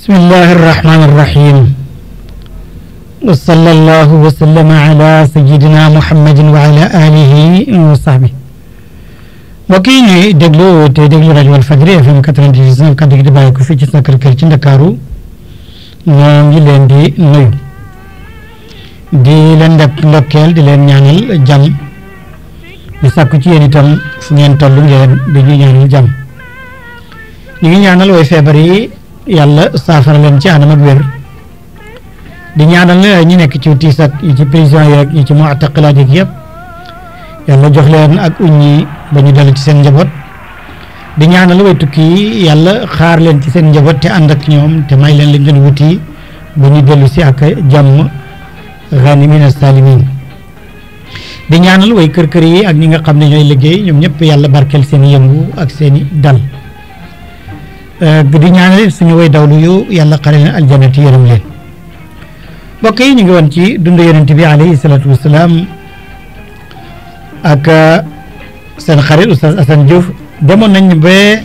بسم الله الرحمن الرحيم وصلى الله وسلم على سيدنا محمد وعلى آله وصحبه mbokk yi ñuy déglu te déglu rajo Walfadjri FM 99 kaddu gi di bàyyi ko fii ci sa kër kër ci Ndakaaru ñoo leen di nuyu di leen def ndokkeel di leen ñaanal jàmm ñu sàkku ci yéen itam fu ngeen toll ngeen ñaanal jàmm ñu ngi ñaanal way feebar yi yàlla saafara leen ci anam ak wér di ñaanal ñi nekk ci tiis ak yi ci prison yeeg yi ci mu'taqilaat yeeg yépp yàlla jox leen ak uññi ba ñu dellu ci seen njaboot di ñaanal way tukki yi yàlla xaar leen ci seen njaboot te ànd ak ñoom te may leen lañ doon wuti ba ñu dellu si ak jàmm ghanimina salimin di ñaanal way kër kër yi ak ñi nga xam ne ñooy liggéey ñoom ñëpp yàlla barkeel seen yëngu ak seeni i dal Eh, di ñaanal suñu way dawlu yu yàlla xare leen aljana ti yërëm leen mbokk yi ñu ngi woon ci dund yonent bi alayhi salaatu wasalaam ak eh, seen xarit oustaz Assane Diouf demoon nañ ba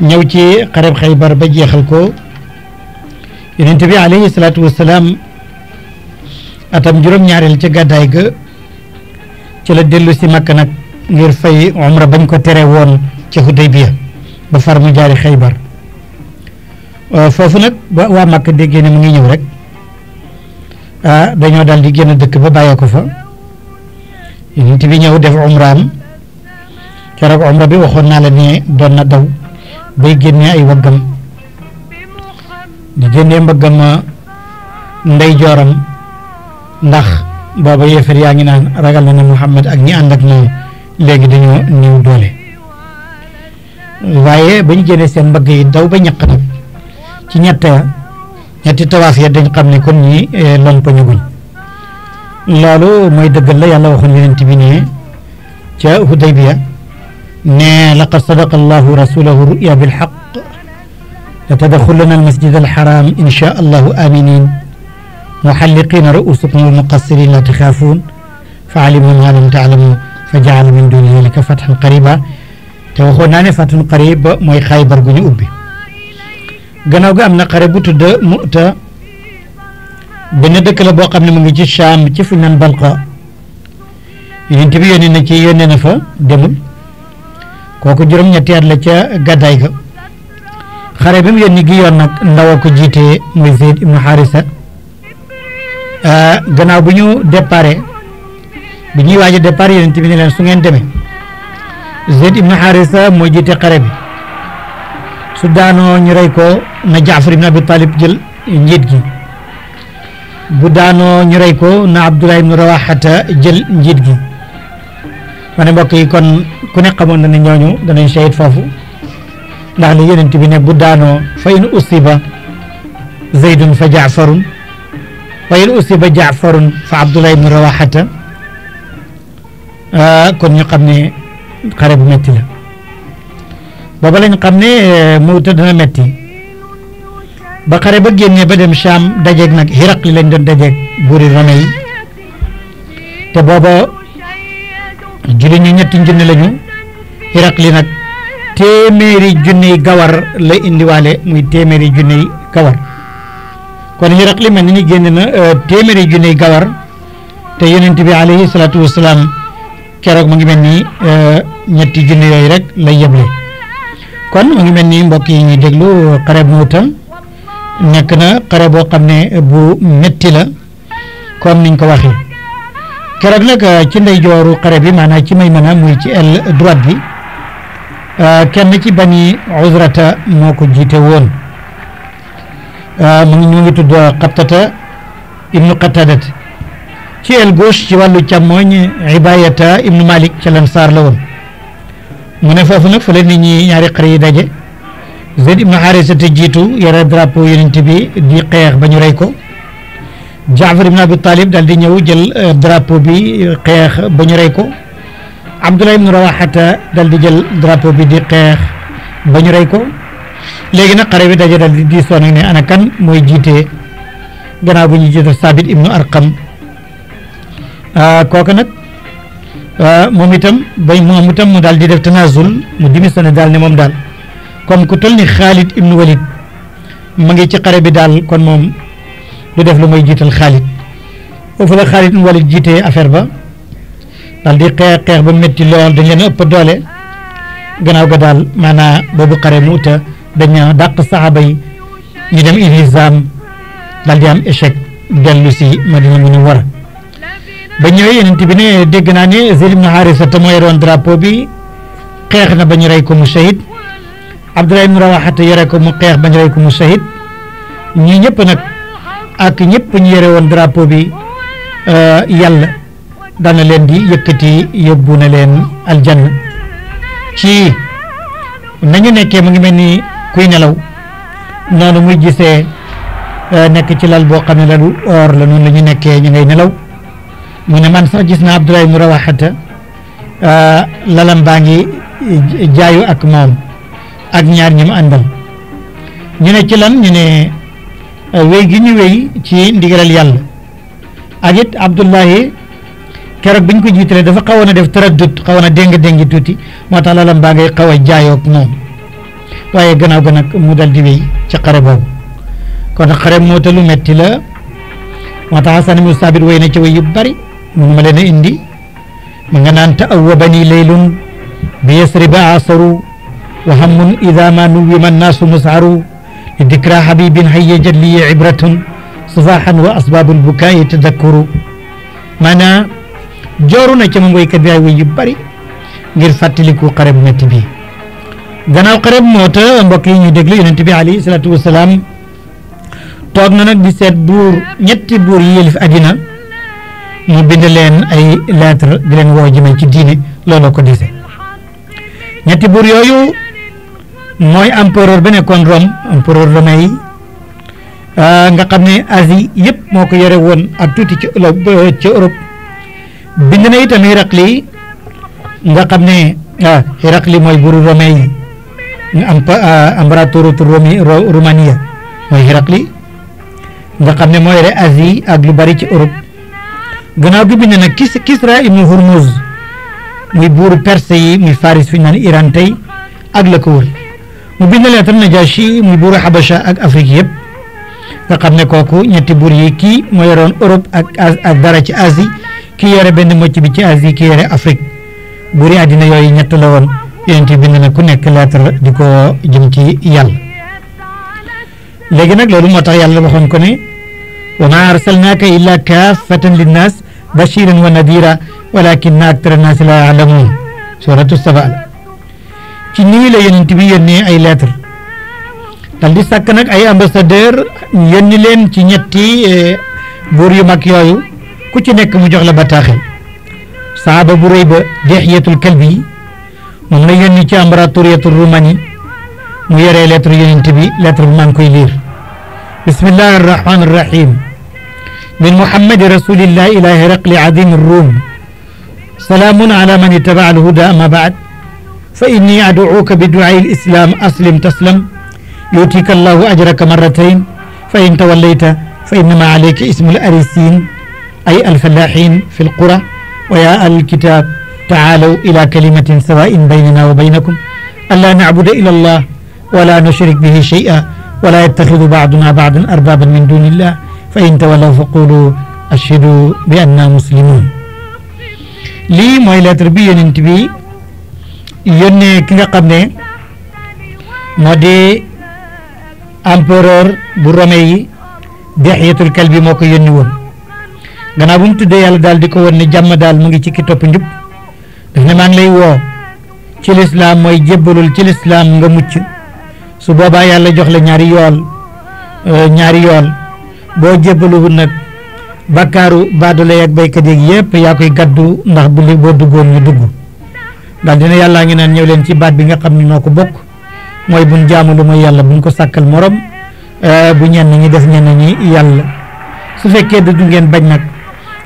ñëw ci xareb xaybar ba jeexal ko yonent bi alayhi salaatu wasalaam atam juróom-ñaareel ca gàddaay ga ci la dellu si Makka nag ngir fay umra bañ ko tere woon ca Hudaybiya ba far mu jaari xaybar euh, foofu nag ba waa Màkka déggee ne mu ngi ñëw rek ah dañoo daal di génn dëkk ba bàyyee ko fa yonent bi ñëw def umraam keroog umra bi waxoon naa la ne doon na daw bay génnee ay waggam di génnee mbaggam ah, ndey ndax booba yéefar yaa ngi naan ragal na ne Muhammad ak ñi ànd ak moom léegi dañoo néew doole waaye ba ñu génnee seen mbagg yi daw ba ñaq nag ci ñett ñetti tawaaf ya dañ xam ne kon ñi eh, lompañu guñ loolu mooy dëggal la yàlla waxoon yonent bi ne ca Hudaybiya ne laqad sadaqa allahu rasulahu ruya bilxaq la tadaxuluna almasjid alxaram insha allahu aminin muxalliqina ruusukum wa muqassirin la taxaafuun fa alima ma lam taalamu fa jaala min duni dalika fatxan qariba te waxoon naa ne ba qarib mooy xaybar gu ñu ubbi gannaaw gi am na xare bu tudd muta benn dëkk la boo xam ne mu ngi ci Shaam ci fu naan Balqa yonent bi yónnee na ci yónnee na fa demul kooku juróom-ñetti at la ca gàddaay ga xare bi mu yónni gi yoon nag ndaw a ko jiite muy Zayd ibnu Haarisa ah, gannaaw bu ñu déparé bi ñuy waaj a départ yonent bi ne leen su ngeen demee Zayd ibn Haarisa moo jiite xare su daanoo ñu rey ko na Jaafar ibn Abi Talib jël njiit gi bu daanoo ñu rey ko na Abdullah ibn Rawaxata jël njiit gi ma ne mbokk yi kon ku ne xamoon na ne ñooñu danañ shahid foofu ndax li yonent bi ne bu daanoo fa in usiba zaydun fa jaafarun wa in usiba jaafarun fa Abdullah ibn Rawaxata ah, kon ñu xam ne xare bu metti la booba lañ xam ne eh, Mouta dana metti ba xare ba génnee ba dem Cham dajeeg nag Hiraqli lañ doon dajeeg buuri Rome te booba julli ñu ñetti junni lañu Hiraqli nag téeméeri junniy gawar la indiwaale muy téeméeri junniy gawar kon Hiraqli mel ni ñu génn na eh, téeméeri junniy gawar te yonent bi alayhi salaatu wasalaam keroog mu ngi mel ni eh, ñetti junni yooyu rek lay yeble kon mu ngi mel ni mbokk yi ñuy déglu xare bu tam nekk na xare boo xam ne bu metti la comme niñ ko waxee keroog nag eh, ci ndeyjooru xare bi maanaa ci may mën a muy ci aile droite bi eh, kenn ci bani Uzrata moo ko jiite woon mu ngi ñu ngi tudd Xabtata ibnu Xatadat ci el gauche ci wàllu càmmooñ ibayata ibnu malik ca saar la woon mu ne foofu nag fa la nit ñi ñaari xare yi daje Zayd ibnu Haarisa te jiitu yore drapeau yonent bi di xeex ba ñu rey ko Jaafar ibnu Abi Talib daal di ñëw jël euh, drapeau bi euh, xeex ba ñu rey ko Abdullah ibnu Rawaxata daal di jël drapeau bi di xeex ba ñu ko léegi nag xare bi daje daal di diisoo nag ne ana kan mooy jiite gannaaw bu ñu jiite Saabit ibnu Arqam Ah, kooku nag ah, moom itam bay moom itam mu daal di def tanazul mu démissionné daal ne moom daal comme ku toll ni Xaalid ibnu Walid ma ngi ci xare bi daal kon moom lu def lu may jiital Xaalid foofu la Xaalid ibnu Walid jiitee affaire ba daal di xeex xeex ba métti lool dañ leen ëpp doole gannaaw ga daal maanaa boobu xare mu uta dañu dàq saxaaba yi ñu dem Irisam daal di am échec dellu si Madina mu ñu war ba ñëwee yonent bi ne dégg naa ne Zayd ibn Haarisa te moo yoroon drapeau bi xeex na ba ñu rey ko mu shahid Abdullah ibn Rawaha ko mu xeex ba ñu ko mu shahid ñii ñëpp nag ak ñëpp ñu yore woon drapo bi euh, yàlla dana leen di yëkkati yóbbu na leen aljanna ci nañu nekkee mu ngi mel ni kuy nelaw noonu muy gisee euh, nekk ci lal boo xam ne lalu or la noonu la ñu nekkee ñu ngay nelaw mu ne man sax gis naa Abdoulaye mu rawaxata euh, lalam baa ngi euh, jaayu ak moom ak ñaar ñi mu àndal ñu ne ci lan ñu ne euh, wéy gi ñu wéy ci ndigalal yàlla ak it Abdoulaye keroog bi ñu ko jiitalee dafa xawoon a def taraddut xawoon a déng déngi tuuti moo tax lalam baa ngay xaw a jaayoo ak moom waaye gannaaw ga nag mu dal di wéy ci xare boobu kon xare moo te lu metti la moo tax Hasan ibnu Saabit wéy na ci wéy yu bari mun ma leen a indi ma nga naan ta'awwabani laylun bi yasriba asaru wa hammun ida ma nuwima annaasu mus'aru li dikra habibin hayya jalliya ibratun safahan wa asbabul bukaai tadakkuru maanaa jooru na ca moom waykat bi ay way yu bari ngir fàttaliku xare bu métti bi gannaaw xare bu moo ta mbokk yi ñu déglu yonent bi alayhi salaatu wasalaam toog na nag di seet buur ñetti buur yi yëlif àddina mu bind leen ay lettre di leen woo jëmee ci diine loolu ko dise ñetti buur yooyu mooy empereur bi nekkoon Rome empereur romain yi ah, nga xam ne Asie yëpp moo ko yore woon ak tuuti ci ci Europe bind na itam Héracli nga xam ne ah mooy buuru romain yi nga am empereur ah, Roumanie mooy Héracli nga xam ne moo yore Asie ak lu bari ci Europe. gannaaw gi bind na kis Kisra ibnu Hurmuz muy buuru perse yi muy faris fi ñu naan Iran tey ak la ko wër mu bind leetar Najaashi muy buuru Habasha ak Afrique yëpp nga xam ne kooku ñetti buur yi kii moo yoroon Europe ak ak dara ci Asie kii yore benn mocc bi ci Asie kii yore buur buuri àddina yooyu ñett la woon yonent bind na ku nekk la di ko jëm ci yàlla léegi nag loolu moo tax yàlla waxoon ko ne. wa ma arsalnaaka illa kaafatan linnaas bashiran wa nadira walakinna aktar annaasi la yaalamuun suratu saba la ci nii la yonent bi yónnee ay lettre dal di sàkk nag ay ambassadeur yónni leen ci ñetti buur yu mag yooyu ku ci nekk mu jox la bataaxel saaba bu rëy ba Dihyatul Kalbi moom la yónni ci ambaratoriyatul Roumanie mu yoree lettre yonent bi lettre bi maa ngi koy liir bismillahi rahmaani rahim من محمد رسول الله إلى هرقل عظيم الروم سلام على من اتبع الهدى أما بعد فإني أدعوك بدعاء الإسلام أسلم تسلم يؤتيك الله أجرك مرتين فإن توليت فإنما عليك اسم الأريسين أي الفلاحين في القرى ويا أهل الكتاب تعالوا إلى كلمة سواء بيننا وبينكم ألا نعبد إلا الله ولا نشرك به شيئا ولا يتخذ بعضنا بعضا أربابا من دون الله fa in tawallaw fa qulu ashhadu bi anna muslimun lii mooy lettre bi yonent bi yónnee ki nga xam ne moo di empereur bu Rome yi Dihyatul Kalbi moo ko yónni woon gannaaw bu mu tuddee yàlla daal di ko woon ne jàmm daal mu ngi ci ki topp njub daf maa ngi lay woo ci lislaam mooy jébbalul ci lislaam nga mucc su boobaa yàlla jox la ñaari yool euh, ñaari yool boo jébbaluwul nag bakkaaru baadole yeeg béykat yeeg yëpp yaa koy gàddu ndax bu li boo duggoon ñu dugg daal dina yàllaa ngi naan ñëw leen ci baat bi nga xam ne noo ko bokk mooy buñ jaamu lu mooy yàlla buñ ko sàkkal morom eh, bu ñenn ñi def ñenn ñi yàlla su fekkee du ngeen bañ nag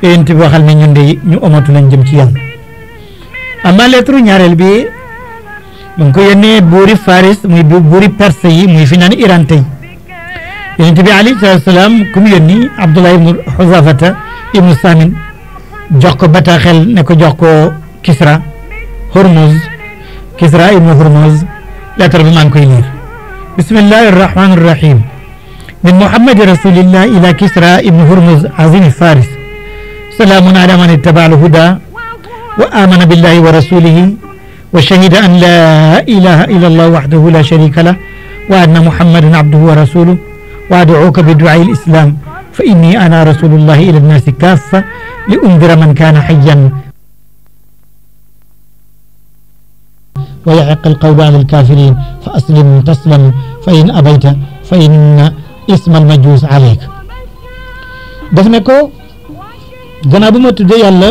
yéen waxal ne ñun de ñu omatu lañ jëm ci yàlla ama lettre ñaareel bi mu ngi ko yónnee buuri Faris muy buuri perse yi muy fi naan Iran tey yonent bi alayhi salaatu wa salaam ku mu yónni Abdullah ibnu Xuzafata ibnu Samin jox ko bataaxel ne ko jox ko Kisra Hormuz Kisra ibnu Hormuz lettre bi maa ngi koy liir bismillahi rahmani rahim min muhammadi rasulillah ila Kisra ibnu Hormuz azimi faris salaamun ala man ittaba alhuda wa amana billahi wa rasulihi wa shahida an la ilaha illa allah wahdahu la sharika lah wa anna muhammadan abduhu wa rasuluh وأدعوك بدعاء الإسلام فإني أنا رسول الله إلى الناس كافة لأنذر من كان حيا ويعق القول عن الكافرين فأسلم تسلم فإن أبيت فإن اسم المجوس عليك def ne ko gannaaw bu ma tuddee yàlla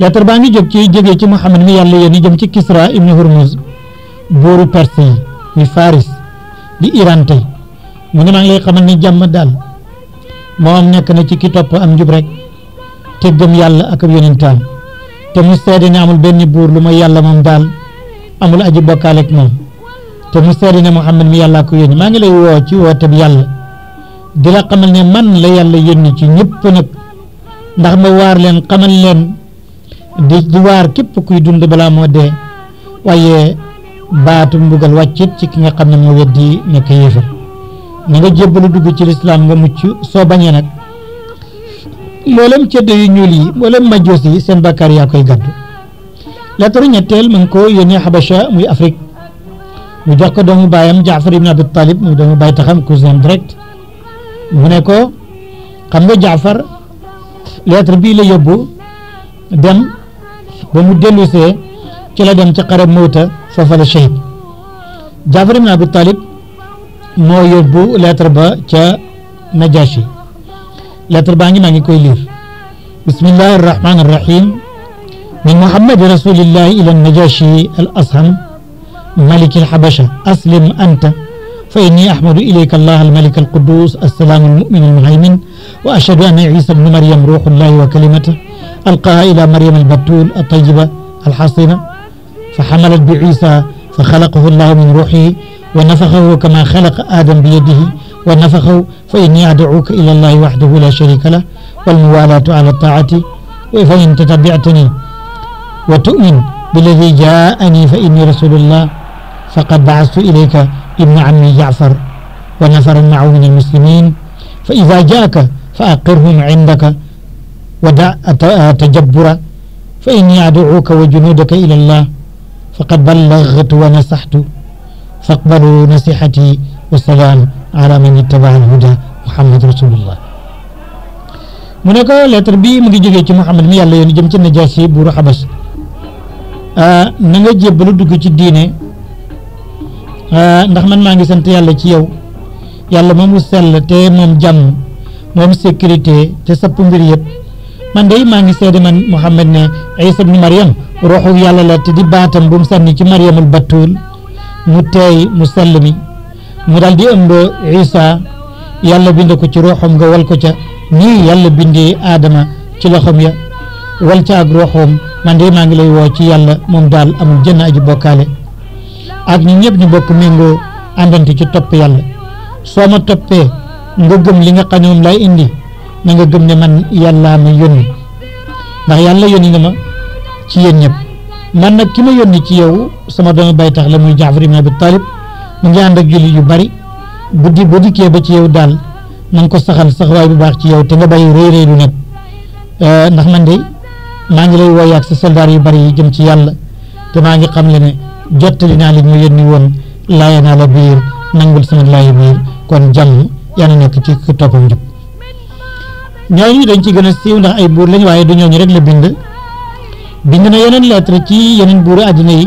lettre baa ngi jóg ci jógee ci Muhammad mi yàlla yéen jëm ci Kisra ibnu Hurmuz buuru Perse yi muy Faris di Iran tey mu ne maa ngi lay xamal ne jàmm daal moom nekk na ci ki topp am njub rek te gëm yàlla ak ab yonentaan te mu seede ne amul benn buur lu ma yàlla moom daal amul aji bokkaale ak moom te mu seede ne Muhammad mi yàlla ko yónni maa ngi lay woo ci wooteeb yàlla di la xamal ne man la yàlla yónni ci ñëpp nag ndax ma waar leen xamal leen di di waar képp kuy dund balaa moo dee waaye baatu mbugal wàccit ci ki nga xam ne moo weddi nekk yéefar na nga jébbalu dugg ci lislaam nga mucc soo bañee nag mboolem ceddo yu ñuul yi mboolem majjoos yi seen bakkaar yaa koy gàddu lettre ñetteel mu ngi ko yónnee Habasha muy Afrique mu jox ko doomu baayam Jaafar ibn Abi Talib muy doomu baay taxam cousin direct mu ne ko xam nga Jaafar lettre bii la yóbbu dem mu dellusee ci la dem ci xarab Mawta foofa la shahid Jaafar ibn Abi Talib moo yóbbu lettre ba ca Najashi lettre baa ngi maa ngi koy liir bismillahi arrahmani arrahim من محمد رسول الله إلى النجاشي الأصهم ملك الحبشة أسلم أنت فإني أحمد إليك الله الملك القدوس السلام المؤمن المهيمن وأشهد أن عيسى بن مريم روح الله وكلمته ألقاها إلى مريم البتول الطيبة الحصينة فحملت بعيسى فخلقه الله من روحه wa nafaxahu kama xalaqa aadam bi yadihi wa nafaxahu fa inni adcuuka ila allahi waxdahu la sharika lah walmuwalaatu ala taacati fa in tatabictani wa tu'min billadi jaa'ani fa inni rasulullah faqad bacastu ilayka ibna ammi jacfar wa nafaran macahu min almuslimin fa ida jaaka fa aqirhum cindaka wa da tajabura fa inni adcuuka wa junuudaka ila allah faqad ballagtu wa nasaxtu faqbalu nasihati wasalaam ala man ittaba al huda muhammad rasulullah mu ne ko lettre bi mu ngi jógee ci muhammad mi yàlla yoon jëm ci najaasi buuru xabas ah, na nga jébbalu dugg ci diine ah, ndax man maa ngi sant yàlla ci yow yàlla moom mu sell te moom jàmm moom sécurité te sapp mbir yëpp man day maa ngi seede man muhammad ne isa ibnu mariam ruuxu yàlla la te di baatam bu mu sànni ci mariamul battul mu teey mu sell mi mu daal di ëmb Isa yàlla bind ko ci ruuxam nga wal ko ca nii yàlla bindi aadama ci loxam ya wal ca ak ruuxam man de maa ngi lay woo ci yàlla moom daal amul jën aji bokkaale ak ñi ñëpp ñu bokk méngoo àndante ci topp yàlla soo ma toppee nga gëm li nga xam ne lay indi na nga gëm ne man yàllaa ma yónni ndax yàlla yónni na ma ci yéen ñëpp man nag ki ma yónni ci yow sama doomu bay tax la muy Jaafar ibn bi Talib mu ngi ànd ak jullit yu bari buddi bu dikkee ba ci yow daal na ko saxal sax waay bu baax ci yow te nga bàyyi rëy rëy lu nag eh, ndax man de maa ngi lay wooyee ak sa soldaar yu bari yi jëm ci yàlla te maa ngi xam le ne jottali naa li ñu yónni woon laaya naa la biir nangul sama laaya biir kon jàmm yàlla nekk ci toppam jub ñooñu dañ ci gën a siiw ndax ay buur lañ waaye du ñooñu rek la bind bind na yeneen lettre ci yeneen buuru àddina yi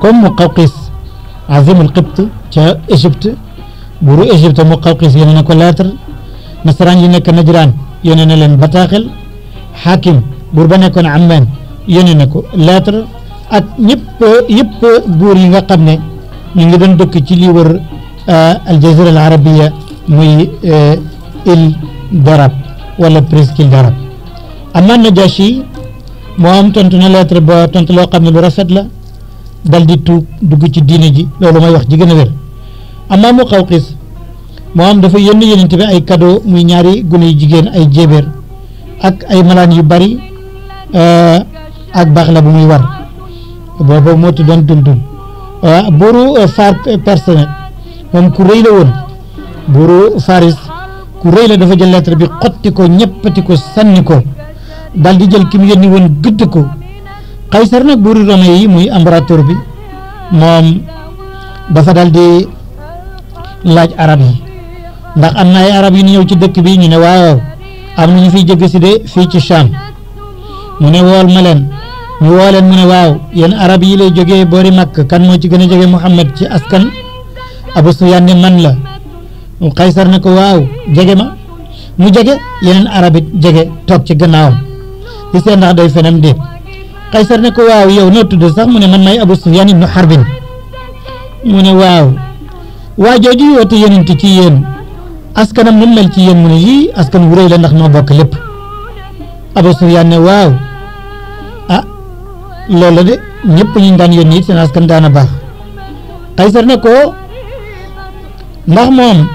comme Muqawqis azimul Qibt ca Égypte buuru Égypte Muqawqis yónnee na ko lettre nasaraan yi nekk Najraan yónnee na leen bataaxel xaakim buur ba nekkoon Amman yónnee na ko lettre ak ñëpp yëpp yi nga xam ne ñu ngi doon dëkk ci li wër aljazira al muy île d'Arab wala presqu'île d'Arab amaan Najaashi moom tontu na lettre ba tontu loo xam ne lu rafet la dal di tuub dugg ci diine ji loolu mooy wax ji gën a wér amaa mu xaw xis moom dafa yónni yonent bi ay kado muy ñaari gune yu jigéen ay jéebéer ak ay malaan yu bari euh, ak baax la bu muy war boobu moo tuddoon dul dul euh, buuru euh, faar perse moom ku rëy la woon buuru faris ku rëy la dafa jël lettre bi xotti ko ñeppati ko sànni ko daal di jël ki mu yónni woon gëdd ko Kaysar nag buuri Rome yi muy empereur bi moom dafa daal di laaj arab yi ndax am na ay arab yu ñëw ci dëkk bi ñu ne waaw am na ñu fiy jëgg si de fii ci Cham mu ne wool ma leen ñu woo leen mu ne waaw yéen arab yi lay jógee boori Makk kan moo ci gën a jógee Muhammad ci askan Abu Sufyaan man la Kaysar ne ko waaw jege ma mu jege yenn arab it jege toog ci gannaawam di seet ndax day fenam déet Qaysar ko waaw yow noo tudd sax mu ne man may Abu Sufyaan ibnu Harbin mu ne waaw waa jooju woote yonent ci yéen askanam nu mel ci yéen mu ne yii askan wu rëy la ndax noo bokk lépp Abu Sufyaan ne ah, ñëpp ñu daan yónni it seen askan daana baax Qaysar ne ko ndax moom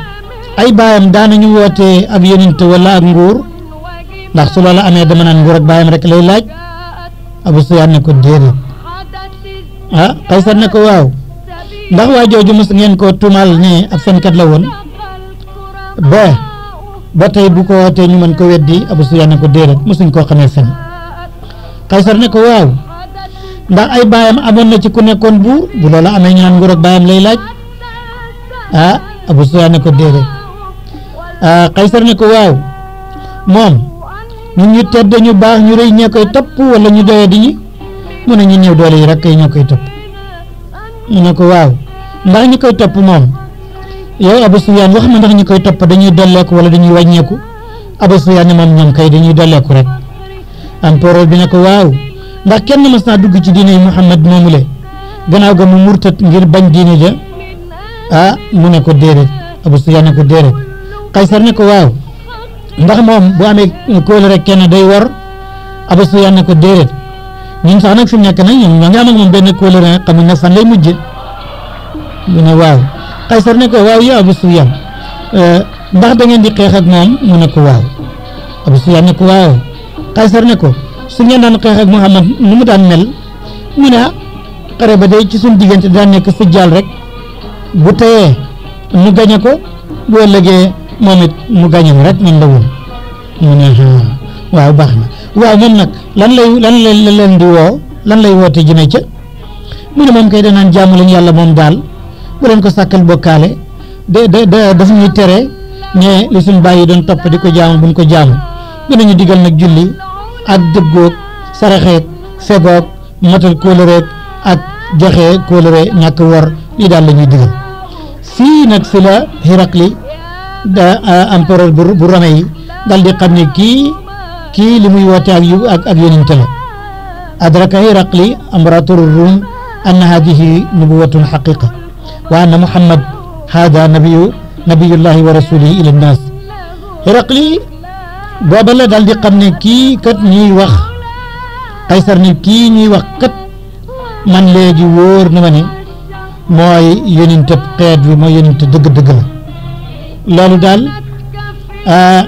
ay baayam daanañu woote ab yonent wala ak nguur ndax su loola amee dama naan nguur ak baayam rek lay laaj Abu Sufyaan ne ko déedéet ah Qaysar ko waaw ndax jooju mos ngeen ko tuumaal ne ab fenkat la woon ba ba tey bu ko wootee ñu mën ko weddi Abu Sufyaan ne ko déedéet mosuñ koo xamee fen Qaysar ne ko ndax ay baayam amoon na ci ku nekkoon buur bu loola amee ñu naan nguur laaj ah ko déedéet ah ko waaw moom. ñun ñu tedd ñu baax ñu rëy ñee koy topp wala ñu doye di ñi mu ne ñu ñëw doole yi rek kay ñoo koy topp mu ne ko waaw ndax ñi koy topp moom yow Abu Sufyaan wax ma koy topp dañuy dolleeku wala dañuy wàññeeku Abu Sufyaan ne moom ñoom kay dañuy dolleeku rek empereur bi ne ko waaw ndax kenn mas naa dugg ci diine Muhammad moomu le gannaaw ga mu murtat ngir bañ diine ja ah mu ne ko déedéet Abu Sufyaan ne ko déedéet Kaysar ne ko waaw ndax moom bu amee kóol rek kenn day war Abu Sufyaan ne ko déedéet ñun sax nag fi mu nekk nag ñoom ñoo ngi am ak moom benn kóol rek xamuñ ne fan lay mujj mu ne waaw Qaysar ne ko waaw yow Abu Sufyaan eh, ndax dangeen di xeex ak moom mu ne ko waaw Abu Sufyaan ko waaw Qaysar ne ko su ngeen daan xeex ak Muhammad nu mu daan mel ñu ne xare ba day ci suñu diggante daan nekk si jaal rek bu teyee nu gañe ko bu ëllëgee moom it mu gañam rek man la woon mu ne waaw baax na waaw moom nag lan lay lan lay leen di woo lan lay woote jëme ca mu ne moom kay danaan jaamu leen yàlla moom daal bu leen ko sàkkal bokkaale de de de daf ñuy tere ne li suñ bàyyi doon topp di ko jaamu buñ ko jaamu dinañu digal nag julli ak dëggoog saraxeeg fegoog matal kóoloreeg ak joxe kóolore ñàkk wor lii daal la ñuy digal fii nag fi la Hiraqli da empereur bu bu Rome yi dal di xam ne kii kii li muy woote ak yu ak ak yonent la adraka Hiraqli amrator rum anna hadihi nubuwatun xaqiqa wa anna Muhammad hada nabiyu nabiyullahi wa rasulihi ila nnaas Hiraqli booba la dal di xam ne kii kat ñuy wax Qaysar ne kii ñuy wax kat man léegi wóor na ma ne mooy yonent xeet wi mooy yonent dëgg-dëgg la loolu daal ah,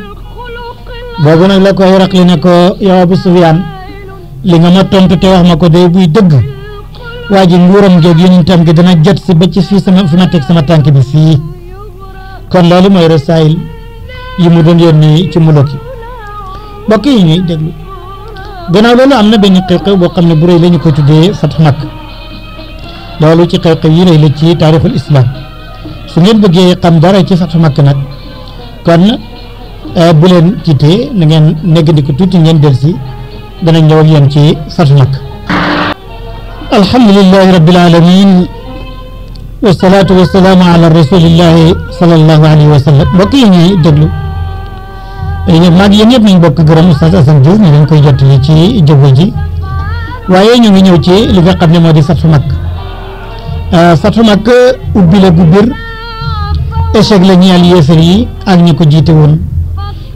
boobu nag la ko Hiraq li ne ko yow Abu li nga ma tontu te wax ma ko day buy dëgg waa ji nguuram geeg yonentam gi dana jot si bëcc ci fii sama fi nga teg sama tànk bi fii kon loolu mooy rasaayil yi mu doon yónni ci muluk yi mbokk yi ñuy déglu gannaaw loolu am na benn xew-xew boo xam ne bu rëy la ñu ko tuddee Fathu Makka loolu ci xew-xew yi rëy la ci taarixul islam su ngeen bëggee xam dara ci Fathu Makka nag kon eh, bu leen kiitee na ngeen neggandiku tuuti ngeen del si dana ñëw ak yéen ci Fathu Makka alhamdulillahi rabbil alamin wasalaatu wasalaamu ala rasulillahi salallahu alayhi wa sallam mbokk yi ñuy déglu eh, maag yéen ñëpp nañ bokk gërëm Oustaz Assane Diouf ñu leen koy jottali ci jëbo ji waaye ñu ngi ñëw ci li nga xam ne moo di Fathu Makka eh, Fathu Makka ubbi la gu échec la ñeel yéefar yi ak ñi ko jiite woon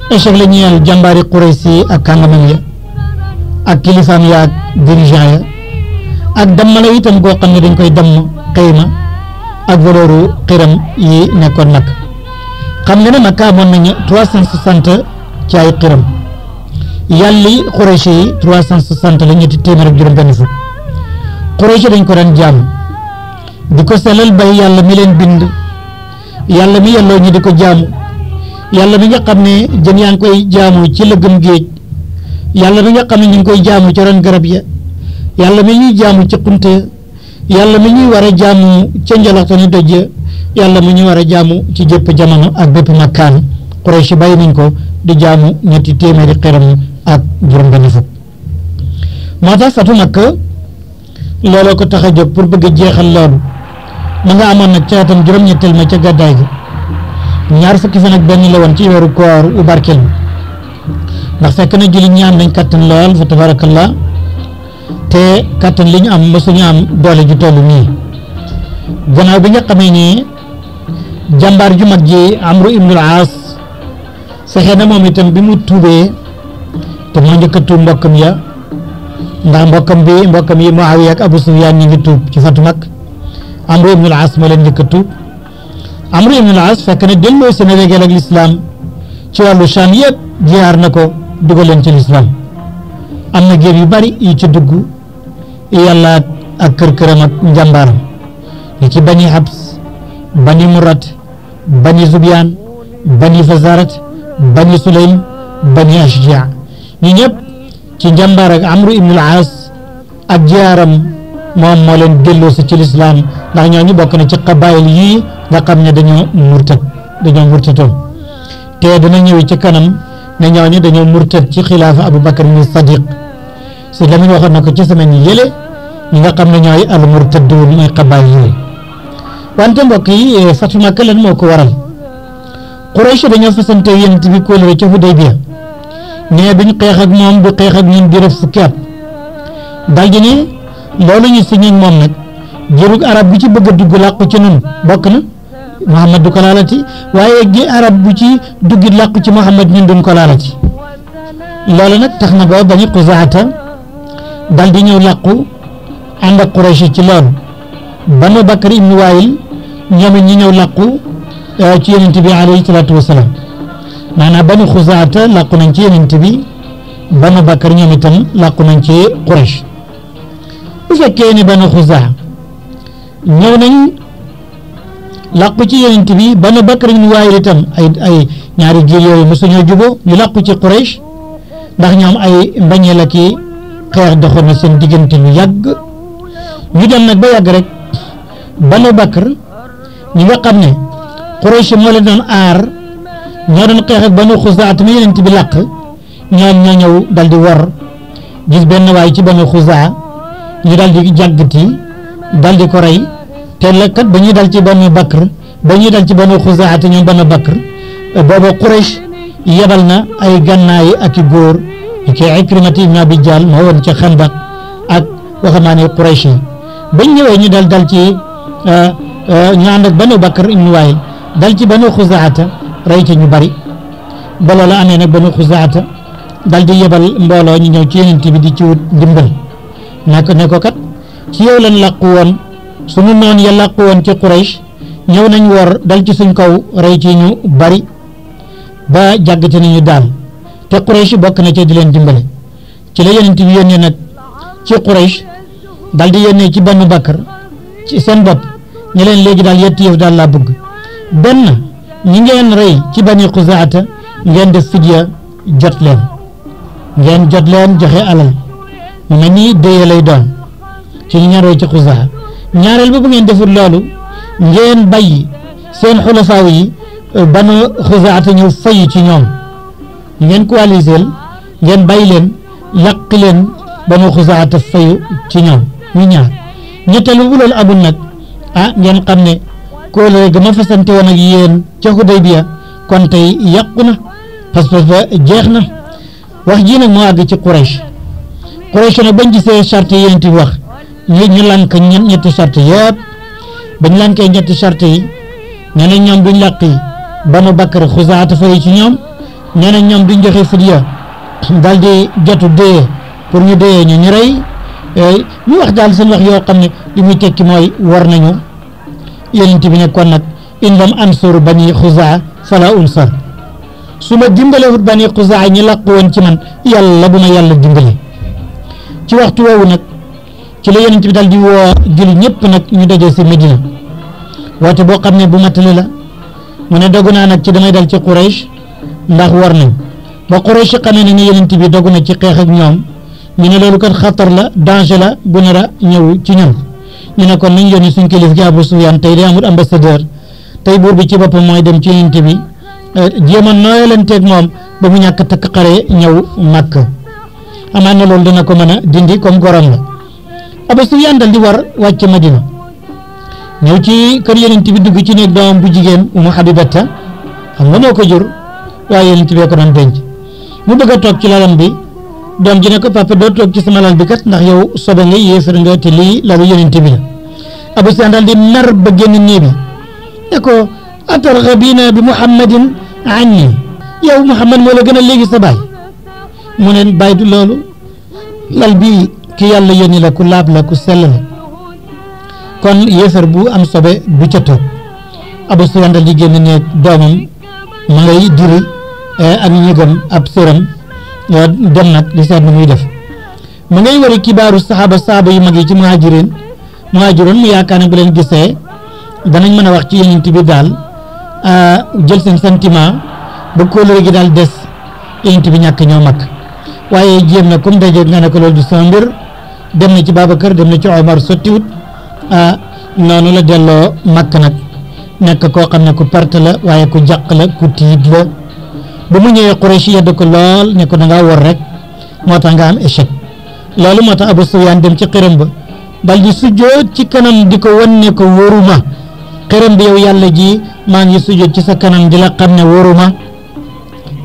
échec la ñeel jàmbaari Quraysh yi ak kàngamam ya ak kilifaam ya ak dirigeant ya ak damm itam goo xam ne dañ koy damm xëyma ak valooru xiram yi nekkoon nag xam nga ne Makka amoon nañu trois cent soixante ci ay xiram yàlli Quraysh yi trois cent soixante la ñetti téeméer ak juróom dañ ko daan jaam di ko selal bay yàlla mi leen bind yàlla mi yelloo ñu di ko jaamu yàlla mi nga xam ne jën yaa ngi koy jaamu ci lëggum géej yàlla mi nga xam ne ñu ngi koy jaamu ci garab ya yàlla mi ñuy jaamu ci xunte yàlla mi ñuy war a jaamu ca njalaxtani yàlla mi ñuy war a ci jëpp jamono ak bépp makkaan Quraysh bàyyi nañ ko di jaamu ñetti téeméeri xeram ak juróom-benn fukk moo tax fatu Makka looloo ko tax a jóg pour bëgg jeexal loolu mu nga amoon nag ca atam juróom-ñetteel ma ca gàddaay gi ñaar fukki fan ak benn la woon ci weeru koor u barkeel ndax fekk na jullit ñi am nañ kattan lool fa te kattan li am mosuñu am doole ju tollu nii gannaaw bi nga xamee nii jàmbaar ju mag ji amru ibnul aas fexe na moom itam bi mu tuubee te moo njëkk a tuub mbokkam ya ndax mbokkam bi mbokkam yi Muawiya ak Abu Sufyaan ñi ngi tuub ci fatu nag amru ibnul as moo leen njëkkatu amru ibnul as fekk na delloo seen wegeel ak lislaam ci wàllu Sham yëpp na ko dugal leen ci lislaam am na géer yu bari yu ci dugg yàlla ak kër-këram ak njàmbaaram ci bani habs bani murat bani zubyaan bani fazarat bani sulaym bani ashja ñu ñëpp ci njàmbaar ak amru ibnul as moom moo leen delloo si ci lislaam ndax ñoo ñu bokk na ci qabaayil yii nga xam ne dañoo murtad dañoo murtatoon te dana ñëw ci kanam ne ñooñu dañoo murtad ci xilaafa Abu Bakar ni Sadiq si la ñu waxoon na ko ci semaine yële ñu nga xam ne ñooy al murtaduun ñooy qabaayil yii wante mbokk yi eh, fatu Makka lan moo ko waral Quraysh dañoo fasante yonent bi kóolare ca Hudaybiya ne duñ xeex ak moom bu xeex ak ñun di ref fukki at daldi ne loolu ñu signé moom nag jërug arab bu ci bëgg a dugg làqu ci nun bokk na Muhammad du ko laalati waaye gi arab bu ci duggit làqu ci Muhammad ñun duñ ko laalati loolu nag tax na ba bañu xusaata dal di ñëw làqu ànd ak Quraysh ci loolu Banu Bakar ibnu Waayil ñoom it ñi ñëw làqu euh, ci yonent bi alayhi salaatu wasalaam maanaam banu xusaata làqu nañ ci yonent bi Banu Bakar ñoom itam làqu nañ ci Quraysh bu fekkee ni banu xusaa ñëw nañ làqu ci yonent bi banu bakar ñu waayil itam ay ay ñaari giir yooyu mosuñoo jubo ñu làqu ci Quraysh ndax ñam ay mbañe la ki xeex doxoon na seen diggante lu yàgg ñu dem nag ba yàgg rek banu bakar ñi nga xam ne Quraysh moo leen doon aar ñoo doon xeex ak banu xusaa tamit yonent bi làq ñoom ñoo ñëw dal di war gis benn waay ci banu xusaa ñu daal di jàggati daal di ko rey te la kat ba ñuy dal ci Banu Bakr ba ñuy ci Banu Xusaa te ñoom Banu Bakr booba Quraysh yebal na ay gannaay ak i góor ki Ikrimati ibn Abi Jahl moo woon ca Xandaq ak waxamaane Quraysh yi bañ ñëwee ñu dal dal ci euh, euh, ñu ànd ak Banu Bakr ibn Waayil dal ci Banu Xusaata rey ci ñu bari ba loola amee nag Banu Xusaata dal di yebal mbooloo ñu ñëw ci Yonent bi di ci wut ndimbal nekk ne ko kat ci yow leen làqu woon sunu noon ya làqu woon ci Quraysh ñëw nañ war dal ci suñ kaw rey ci ñu bari ba jàggati nañu daal te Quraysh bokk na ci di leen dimbale ci la yonent bi yónnee nag ci Quraysh dal di yónnee ci Banu Bakr ci seen bopp ñu leen léegi daal yetti yëf daal laa bëgg benn ñi ngeen rey ci Bani Xuzaata ngeen def fidya jot leen ngeen jot leen joxe alal mu mel ni déye lay doon ci ñu ñaaroo ci xusaa ñaareel bi bu ngeen deful loolu ngeen bay seen xulafaaw yi euh, banu xusaata ñu fayu ci ñoom ñu ngeen coaliseel ngeen bay leen làq leen banu xusaata fayu ci ñoom ñu ñaar ñetteel ba bu loolu abul nag ah ngeen xam ne kóolare ga ma fasante woon ak yéen ca Hudaybiya kon tey yàqu na pas-pas jeex na wax ji nag mu àgg ci Quraysh Quraysh ne bañ gisee charte yi yéen wax ñu ñu lànk ñetti charte yëpp bañ lànkee ñetti charte yi nee na ñoom duñ làq yi Banu Bakar xusaata fay ci ñoom nee na ñoom joxee joxe fidya daal di jotu dee pour ñu dee ñu ñu rey eh, ñu wax daal seen wax yoo xam ne li muy tekki mooy war nañu yonent bi ne kon nag in lam ba bani xusaa fala unsar su ma dimbalewut bani xusaa ñi làq woon ci man yàlla bu ma yàlla dimbale ci waxtu woowu nag ci la yonent bi dal di woo julli ñëpp nag ñu daje si Medina woote boo xam ne bu matali la mu ne dogu naa nag ci damay dal ci Quraysh ndax war nañ ba Quraysh xamee ne ni yonent bi dogu na ci xeex ak ñoom ñu ne loolu kat xatar la danger la bu nar a ñëw ci ñun ñu ne kon nañ yónni suñ kilif gi Abu Sufyaan tey day amul ambassadeur tey buur bi ci boppam mooy dem ci yonent bi euh, jéem a nooyalanteeg moom ba mu ñàkk takk xare ñëw màkk amaan na loolu dina ko mën a dindi comme gorom la Abu Sufyaan di war wàcc Madina ñëw ci kër Yonent bi dugg ci néeg doomam bu jigéen Umu Habibata xam nga moo ko jur waaye Yonent bee ko doon denc mu bëgg a ci lalam bi doom ji ne ko papa doo toog ci sama lal bi kat ndax yow sobe nga yéefar nga te lii lalu Yonent bi la Abu Sufyaan daal di mer ba génn néeg bi ne ko atargabina bi Muhammadin anni yow Muhammad moo la gën a léegi sa baay mu neen bàyyi di loolu lal bi ki yàlla yónni la ku laab la ku sell la kon yéefar bu am sobe bu ca toog Abu génn ne doomam ma ngay diri eh, ak ñigam ab sëram eh, dem nag di seet nu muy def ma ngay wari kibaaru saxaaba saxaaba yu mag yi ci muhaajiriin muhaajiroon mu yaakaar ne bu leen gisee danañ mën a wax ci yonent bi daal eh, jël seen sentiment ba kóolóore gi daal des yonent bi ñàkk ñoo mag waaye jéem na comme dajeeg nga ne ko loolu du sama dem na ci kër dem na ci Omar sottiwut ah noonu la delloo màkk nag nekk ko xam ne ku perte la waaye ku jàq la ku tiit la bu mu ñëwee Quraysh yedd ko lool ne ko da ngaa war rek moo tax nga am échec loolu moo tax Abu Sufyaan dem ci xërëm ba dal di ci kanam di ko wan ne ko wóoruma xërëm bi yow yàlla ji maa ngi sujjoot ci sa kanam di la xam ne wóoruma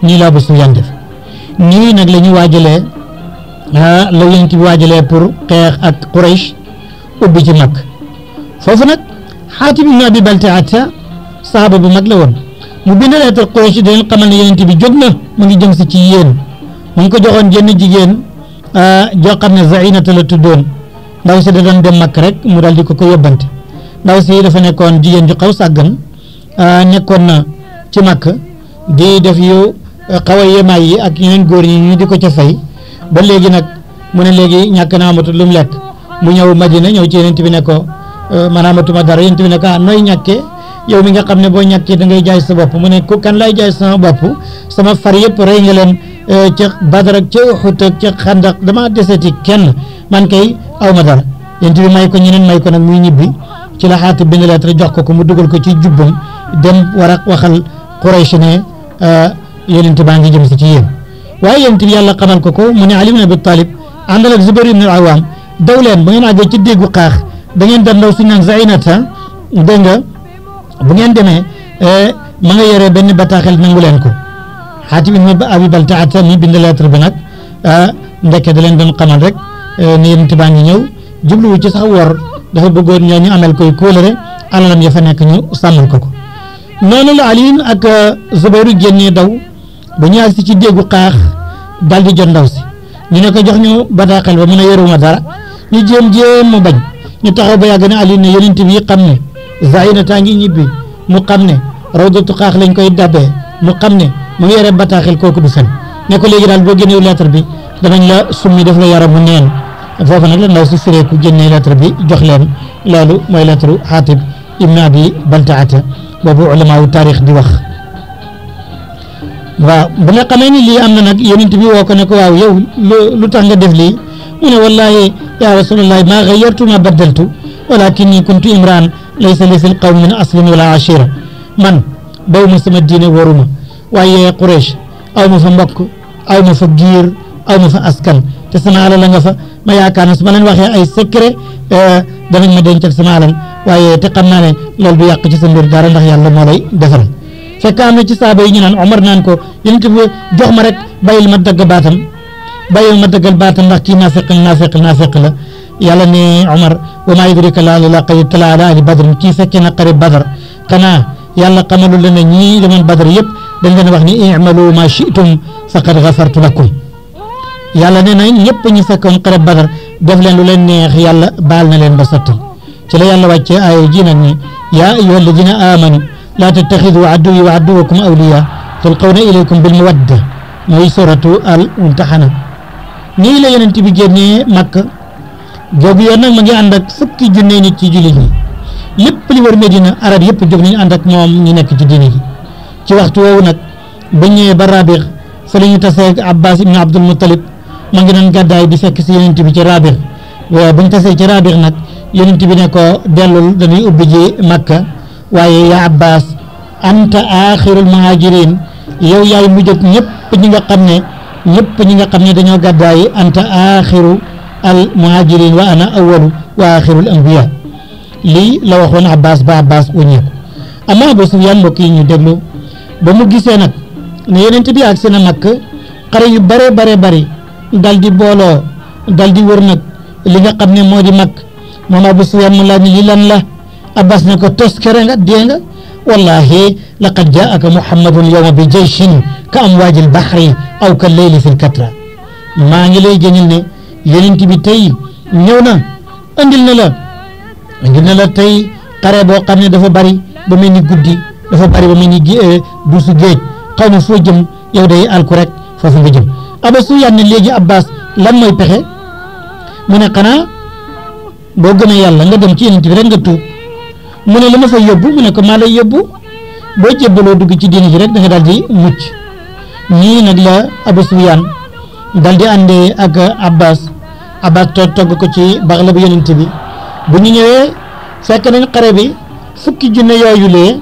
nii la Abu Sufyaan nii nag la ñu waajalee ah la yonent bi waajalee pour xeex ak Quraysh ubbi ci mag foofu nag Xaatim ibn Abi Baltaata saaba bu mag la woon mu bind leetar Quraysh di leen xamal ne yonent bi na mu ngi jëm si ci yéen mu ngi ko joxoon jenn jigéen ah, joo xam ne zainata la tuddoon ndaw si da doon dem mag rek mu daal di ko ko yóbbante ndaw si dafa jigéen ju xaw sàggan ah, nekkoon na ci mag di def yu xaw a yemaay yi ak yeneen góor yi ñu di ko ca fay ba léegi nag mu ne léegi ñàkk naa amatul lu mu lekk mu ñëw Madina ñëw ci yeneen bi ne ko euh, man amatuma dara yeneen bi ne ko ah, mi nga xam ne boo ñàkkee da jaay sa bopp mu ne ko kan laay jaay sama bopp sama far yëpp rey nga leen euh, ca Badar ak ca Uhud ak ca Xandaq dama kenn man kay aw ma dara yeneen bi may ko ñeneen may ko nag muy ñibbi ci la xaatu bind lettre jox ko ko mu dugal ko ci jubbam dem war a waxal Quraysh ne euh, yonent baa ngi jëm si ci yéen waaye yonent bi yàlla xamal ko ko mu ne Ali ibn Abi Talib àndal ak Zubayr ibn Awaam daw leen ba ngeen àggee ci déggu xaax da ngeen dem ndaw suñu naan Zaynata dégg nga bu ngeen demee eh, ma nga yore benn bataaxel nangu leen ko Xaatib ibn Abi Baltaata mi bind lettre bi nag ah, ndekke da leen doon xamal rek eh, ne yonent baa ngi ñëw jubluwu ci sax wor dafa bëggoon ñoo ñu amel koy kóolare alalam ya fa nekk ñu sàmmal ko ko noonu la Ali ak eh, ba ñu agsi ci déggu xaax dal di jot ndaw si ñu nekk jox ñu bataaxal ba mu ne yoruma dara ñu jéem jéem mu bañ ñu taxaw ba yàgg ne Ali ne yonent bi xam ne zaynata ngi ñibbi mu xam ne rawdatu xaax lañ koy dabbee mu xam ne mu ngi yore bataaxal kooku du fen ne ko léegi daal boo génnee lettre bi danañ la summi def la yaramu neen foofu nag la ndaw si sireeku génnee lettre bi jox leen loolu mooy lettre xaatib ibn abi baltaata boobu ulamaawu taarix di wax waaw bu nga xamee ni lii am na nag yonent bi woo ko ne ko waaw yow lu tax nga def lii mu ne wallahi ya rasulallahi ma xayartu ma baddaltu walakinni kuntu imran laysa li fil qawmi min aslin wala ashira man baw mu sama diine waruma waaye Quraysh aw ma fa mbokk aw ma fa giir aw ma fa askan te sama alal la nga fa ma yaakaar ne su ma leen waxee ay secret eh, danañ ma dencal sama alal waaye te xam naa ne loolu du yàq ci sa mbir dara ndax yàlla moo lay defal fekk am na ci saaba yi ñu naan Omar naan ko yonent bi jox ma rek bàyyil ma dagg baatam bàyyil ma daggal baatam ndax kii naafiq naafiq naafiq la yàlla ne Omar wa maa yudrika laqad ittala ala ahli badrin kii fekkee na xare badar xanaa yàlla xamalu la ne ñii demoon badar yëpp dañ leen wax ni i'malu ma shi'tum faqad ghafartu lakum yàlla nee na ñëpp ñu fekkoon xare badar def leen lu leen neex yàlla baal na leen ba sottal ci la yàlla wàccee aaya ji nag ni yaa ayyuha alladina amanu laa tattaxidu aduwi wa aduwakum awliya tulqawna ilaykum bil mawadda mooy suratu al mumtaxana nii la yonent bi génnee Makka googu yoon nag ma ngi ànd ak fukki junne nit ci jullit ñi lépp li wër Medina arab yëpp jóg nañu ànd ak moom ñu nekk ci diine ji ci waxtu woowu nag ba ñëwee ba Rabix fa la ñu taseeg Abbas ibn Abdul Muttalib ma ngi doon gàddaay di fekk si yonent bi ci Rabix waaye bu ñu tasee ci Rabix nag yonent bi ne ko dellul dañuy ubbi ji Makka waaye yaa abbas anta axirul muhajirin yow yaay mujjëg ñëpp ñi nga xam ne ñëpp ñi nga xam ne dañoo gàddaayi anta axiru al muhajirin wa ana awalu wa axirul anbiya lii la waxoon abbas ba abbas waññeeku ama abu sufyaan mbokk yi ñu déglu ba mu gisee nag ne yonent bi ak seen a makk xare yu bare bare bari dal di booloo dal di wër nag li nga xam ne moo di makk moom abu sufyaan mu laaj ne li la abbas ne ko toskere nga dee nga wallahi laqad jaaka muhammadun yowma bi jayshin ka amwaaj al bahri aw ka leyli fi lkatra maa ngi lay jëñal ne yonent bi tey ñëw na andil na la andil na la tey xare boo xam ne dafa bari ba mel ni guddi dafa bari ba mel ni eh, buusu géej xaw ma foo jëm yow day alku rek foofu nga jëm aba su yaan ne léegi abbas lan mooy pexe mu ne xanaa boo gëmee yàlla nga dem ci yonent bi rek nga tuub mu ne lu ma fa yóbbu mu ne ko maa lay yóbbu boo jébbaloo dugg ci diini ji rek da nga daal di mucc nii nag la Abu Sufyaan yaan di àndee ak Abbas Abbas toog togg ko ci baxla bu yonent bi bu ñu ñëwee fekk nañ xare bi fukki junne yooyu lee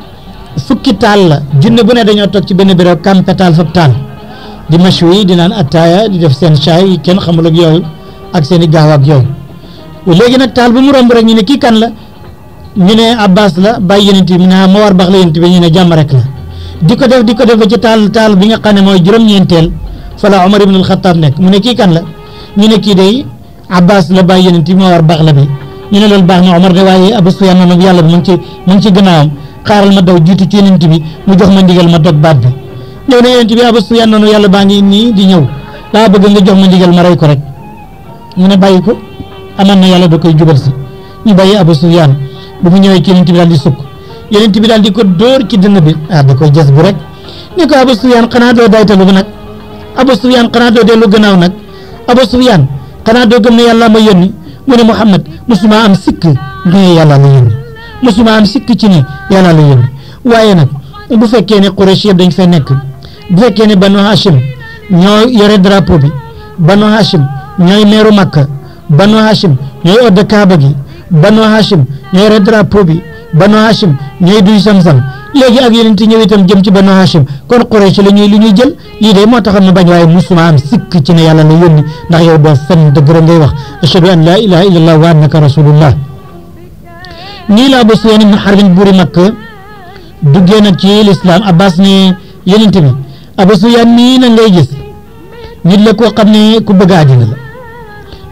fukki taal la junne bu dañoo toog ci benn béréb campé taal fab taal di di naan attaaya di def seen caay yi kenn xamul ak yooyu ak seen i gaaw ak yooyu léegi nag taal bu mu romb rek ñu ne kii kan la. ñu ne Abbas la bàyyi yonent bi naa moo war baax la yonent bi ñu ne jàmm rek la di ko def di ko def ba ci taal taal bi nga xam ne mooy juróom-ñeenteel fa la Omar ibn al-Khattab nekk mu ne kii kan ñu ne kii day Abbas la bàyyi yonent bi moo war baax la bi ñu ne loolu baax na Omar de waaye Abu Sufyaan noonu yàlla bi mu ngi ci mu ngi ci gannaawam xaaral ma daw jiitu ci yonent jox ma ndigal ma dog baat bi ñëw na yonent bi yàlla baa ngi nii di ñëw laa bëgg nga jox ma ndigal ma rey ko rek mu ne bàyyi ko amoon na yàlla da koy jubal si ñu bàyyi Abu Sufyaan bu mu ñëwee ci yonent bi daal di sukk yonent bi daal di ko dóor ci dënn bi ah da koy jas bu rek ne ko Abu Sufyaan xanaa doo daytalu ba nag Abu Sufyaan xanaa doo dellu gannaaw nag Abu Sufyaan xanaa doo gëm ne yàlla ma yónni mu ne Muhammad musuma am sikk ne yàlla la yónni musuma am sikk ci ne yàlla la yónni waaye nag bu fekkee ne Quraysh yëpp dañ fay nekk bu fekkee ne Banu Hashim ñoo yore drapeau bi Banu Hashim ñooy meeru Makka Banu Hashim ñoo odd Kaaba gi banu hashim ñooy red drapeau bi banu hashim ñooy duy sam-sam léegi ak yeneen ti ñëw itam jëm ci banu hashim kon Quraysh la ñuy lu ñuy jël lii de moo taxam ne bañ waaye musuma am sikk ci ne yàlla la yónni ndax yow doo fenn dëgg rek ngay wax ashhadu an laa ilaha illa allah wa annaka rasulullah nii laa ba seen ibn Harbin buuri Makka duggee nag ci lislaam Abbas ne yeneen bi Abu nii na ngay gis nit la koo xam ne ku bëgg àddina la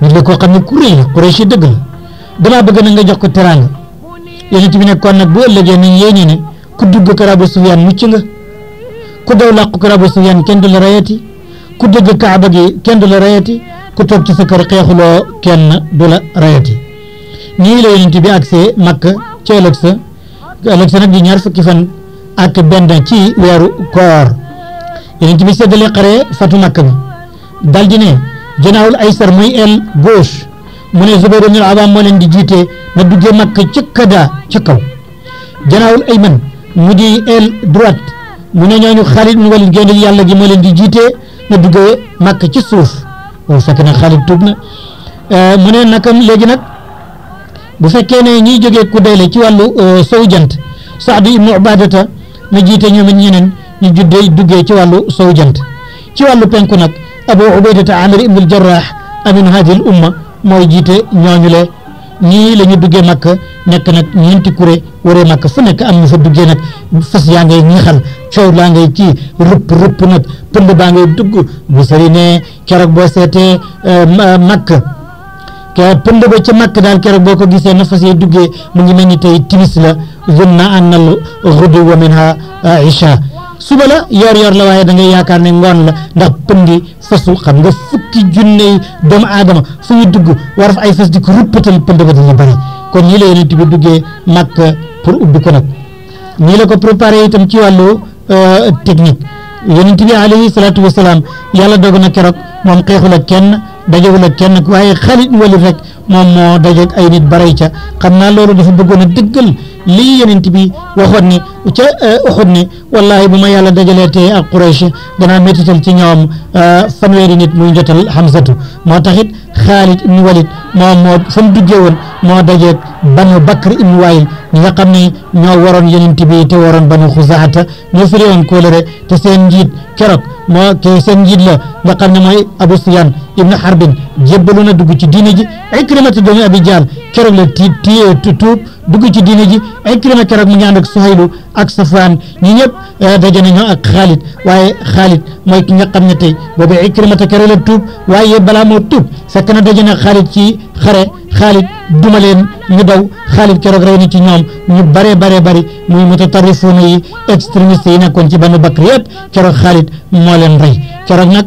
nit la koo xam ne ku dëgg la damaa bëgg na nga jox ko teraanga yonent bi ne kon nag bu ëllëgee nañ yéene ne ku dugg kër Abu Sufyaan mucc nga ku daw làqu kër Abu Sufyaan kenn du la rayati ku dugg kaaba gi kenn du la rayati ku toog ci sa xeexuloo kenn du la rayati nii la yonent bi agsee Makka ci ëllëg sa ëllëg sa nag di ñaar fukki fan ak benn ci weeru koor yonent bi séddale xare fatu Makka bi dal di ne aysar mooy el gauche mu ne Zubayr ibn al-Awwam moo leen di jiite na duggee Makka ci kadaa ci kaw janaahul ayman mu di aile droite mu ne ñooñu Xaalid ibn Walid génn yàlla gi moo leen di jiite na duggee Makka ci suuf waaw fekk na Xaalid tuub euh, mu ne nakam léegi nag bu fekkee ne ñiy jógee Kudayla ci wàllu euh, sow jant Saadu ibnu Ubadata na jiite ñoom it ñeneen ñu juddee duggee ci wàllu sow jant ci wàllu penku nag Abu Ubaydata Amir ibnul Jarraax amin hadihi al mooy jiite ñooñu le ñii la ñu duggee màkk nekk nag ñeenti kuré waree màkk fu nekk am ñu fa duggee nag fas yaa ngay ñiixal coow laa ngay kii rëpp rëpp nag pënd baa ngay dugg bu sëri ne keroog boo seetee euh, màkk ke pënd ba ca màkk daal keroog boo ko gisee na fas yee duggee mu ngi mel ni tey timis la zunna annal ghudu wa minha isha suba la yor yor la waaye da ngay yaakaar ne ngoon la ndax pëndi fasu xam nga fukki junne doomu aadama fu ñu dugg war fa ay fas di ko ruppatal pënd ba dañu bari kon ñii la yonent bi duggee màkk pour ubbi ko nag ñii la ko préparé tam ci wàllu euh, technique yonent bi alayhi salaatu wasalaam yàlla doog na keroog moom xeexul ak kenn dajewul ak kenn waaye Xaalid Walid rek moom moo dajeeg ay nit baray ca xam naa loolu dafa bëggoon a dëggal lii yonent bi waxoon ni ca Uxud euh, ni wallahi bu ma yàlla dajalee tee ak Quraysh danaa métital ci ñoom euh, fanweeri nit muy njotal Hamzatu moo taxit Xaalid ibn Walid moom moo fa mu duggee woon moo dajeeg banu Bakr ibn Waayil ñi nga xam ne ñoo waroon yonent bi te waroon banu Xuzaata ñoo fi réewoon kóolare te seen njiit keroog moo ke seen njiit la nga xam ne mooy Abu Sufyaan ibn Harbin jébbalu na dugg ci diine ji Ikrimatu doomi Abi Jahl keroog la ti ti tuub dugg ci diine ji ay kilomètre rek mu ngi ànd ak Suhaylu ak Safwaan ñi ñëpp eh, daje nañoo ak Xaalid waaye Xaalid mooy ki nga xam ne tey boobu Ikrimata kere la tuub waaye balaa moo tuub fekk na daje na Xaalid ci xare Xaalid duma leen ñu daw Xaalid keroog rey na ci ñoom ñu bare bare bari muy mutatarrifuuna yi extrémiste yi nekkoon ci Banu Bakr yëpp keroog Xaalid moo leen rey keroog nag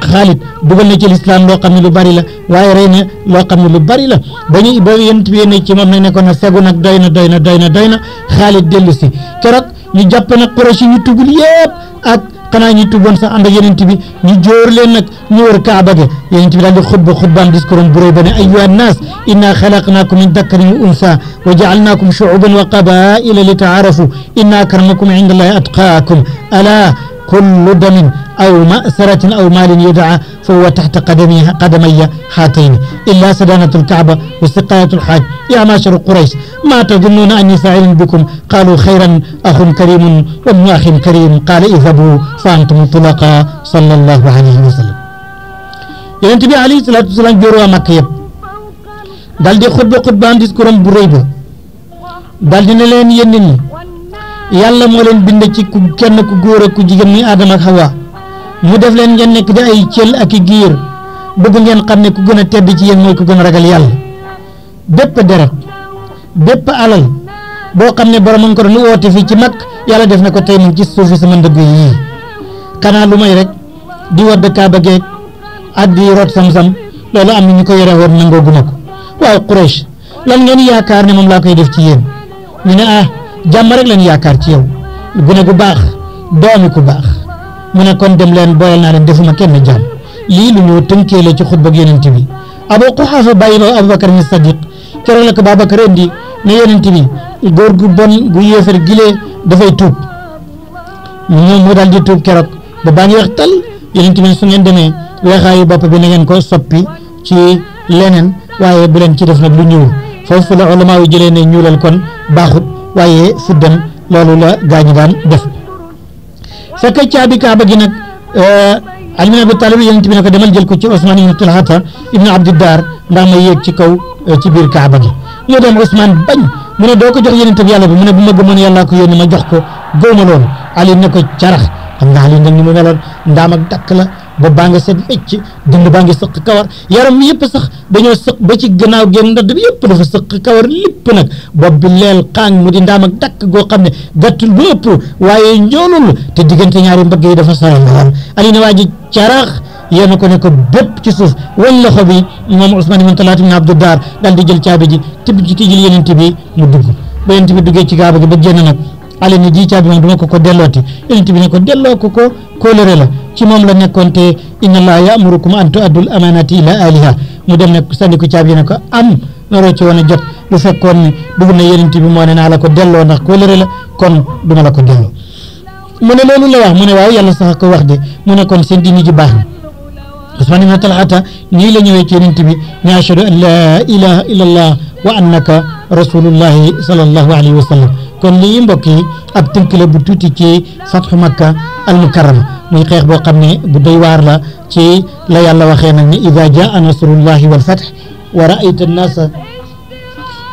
xaalit dugal na ci lislaam loo xam ne lu bari la waaye rey na loo xam ne lu bari la ba ñu ba yent bi yéene ci moom ne nekkoon na segu nag doy na doy na doy na doy na xaalit dellu si keroog ñu jàpp nag Qurayshi ñu tugul yëpp ak xanaa ñu tuboon sax ànd ak yenent bi ñu jóor leen nag ñu wër kaaba ga yenent bi daal di xutba xutbaan discours am bu rëy ba ne ayyuha nnaas inna xalaqnaakum min dakarin wa unsa wa jaalnaakum shuuban wa qabaila li taarafu inna akramakum inda allahi atqaakum ala kullu damin أو مأثرة أو مال يدعى فهو تحت قدمي قدمي هاتين إلا سدانة الكعبة واستقاية الحاج يا معشر قريش ما تظنون أني فاعل بكم قالوا خيرا أخ كريم وابن أخ كريم قال اذهبوا فأنتم طلقاء صلى الله عليه وسلم yonent bi alayhi salaatu wasalaam jóor waa Makka yëpp dal di xutba xutbaam discours am bu rëy ba dal di ne leen yéen nit ñi yàlla moo leen bind ci ku kenn ku góor ak ku jigéen muy Aadama ak Hawa mu def leen ngeen nekk di ay cël ak i giir bëgg ngeen xam ne ku gën a tedd ci yéen mooy ku gën a ragal yàlla bépp deret bépp alal boo xam ne borom nga ko doon woote fii ci mag yàlla def na ko tey moom ci suufi sama ndëgg yii xanaa lu may rek di wadd kaaba geeg ak di root sam-sam loolu am na ñu ko yore woon nangoo gu ma ko waaw Quraysh lan ngeen yaakaar ne moom laa koy def ci yéen ñu ne ah jàmm rek leen yaakaar ci yow gune gu baax doomi ku baax mu ne kon dem leen booyal naa leen defuma kenn jaam lii lu ñu tënkee la ci xutba ak yonent bi Abu Quhaafa bàyyi na Abubakar ni Sadiq keroog la ko Babacar indi ne yonent bi góor gu bon gu yéefar gilee dafay tuub ñoom mu daal di tuub keroog ba baa ngi wax tal yonent bi su ngeen demee weexaayu bopp bi na ngeen ko soppi ci leneen waaye bu leen ci def nag lu ñuul foofu la ulama yi jëlee ne ñuulal kon baaxut waaye fuddan loolu la gaañu daan def fekk caabi kaaba gi nag eh, Ali bin Abi Talib yonent bi ne ko demal jël ko ci Ousmane ibn Tulhata ibn Abdiddar ndax may yéeg ci kaw eh, ci biir kaaba gi mu dem Ousmane bañ mu ne doo ko jox yonent bi yàlla bi mu ne bu ma gëmoon yàllaa ko yónni ma jox ko góoma loolu Ali ne ko carax xam nga Ali nag ni mu meloon ndaam ak dakk la bopp baa nga set wecc dund baa ngi sëq kawar yaram mi yëpp sax dañoo sëq ba ci gannaaw génn ndodd bi yëpp dafa sëq kawar lépp nag bopp bi leel xaañ mu di ndaam ak dakk goo xam ne gàttul bu ëpp waaye ñoolul te diggante ñaari mbëgg yi dafa sore lool ali na waa ji caraax yéen ko nekk ko bépp ci suuf wàllu loxo bi moom Ousmane ibn Talaat ibn Abdou Dar daal di jël caabi ji tibb ji tijjil yeneen bi mu dugg ba yeneen bi duggee ci gaaba gi ba génn nag ali ji caabi moom duma ko ko dellooti bi ne ko delloo ko ko kóolóore la ci moom la nekkoon te inna allaha ya'murukum an tu'addul amanati ila ahliha mu dem nag sànni ko caabi ne ko am naroo ci woon a jot bu fekkoon ne bëgg na yonent bi moo ne naa la ko delloo ndax kóllëre la kon duma la ko delloo mu ne loolu la wax mu ne waaw yàlla sax ko wax de mu ne kon seen diini ji baax na Usmaan ibn Talhata nii la ñëwee ci yonent bi an laa ilaha illa wa annaka rasulullahi sallallahu alayhi wa sallam kon lii mbokk yi ab tënk la bu tuuti ci fatxu makka al muy xeex boo xam ne bu doy waar la ci la yàlla waxee nag ne ida jaa nasrullahi wal fath wa raayta annaasa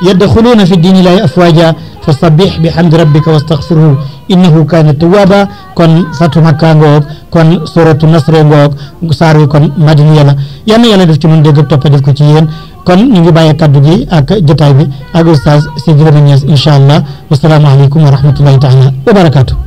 yadxuluuna fi diini laahi afwaaja fa sabbix bi xamdi rabbika wastaxfirhu innahu kaana tawaaba kon fatu makka ngoog kon suratu nasre ngoog saar wi kon madiniya la yal na yàlla def ci nun dégg toppa def ko ci yéen kon ñu ngi bàyyi kaddu gi ak jotaay bi ak oustaz Sidy Lamine Niass incha allah wasalaamu aleykum wa rahmatullahi taala wa barakaatu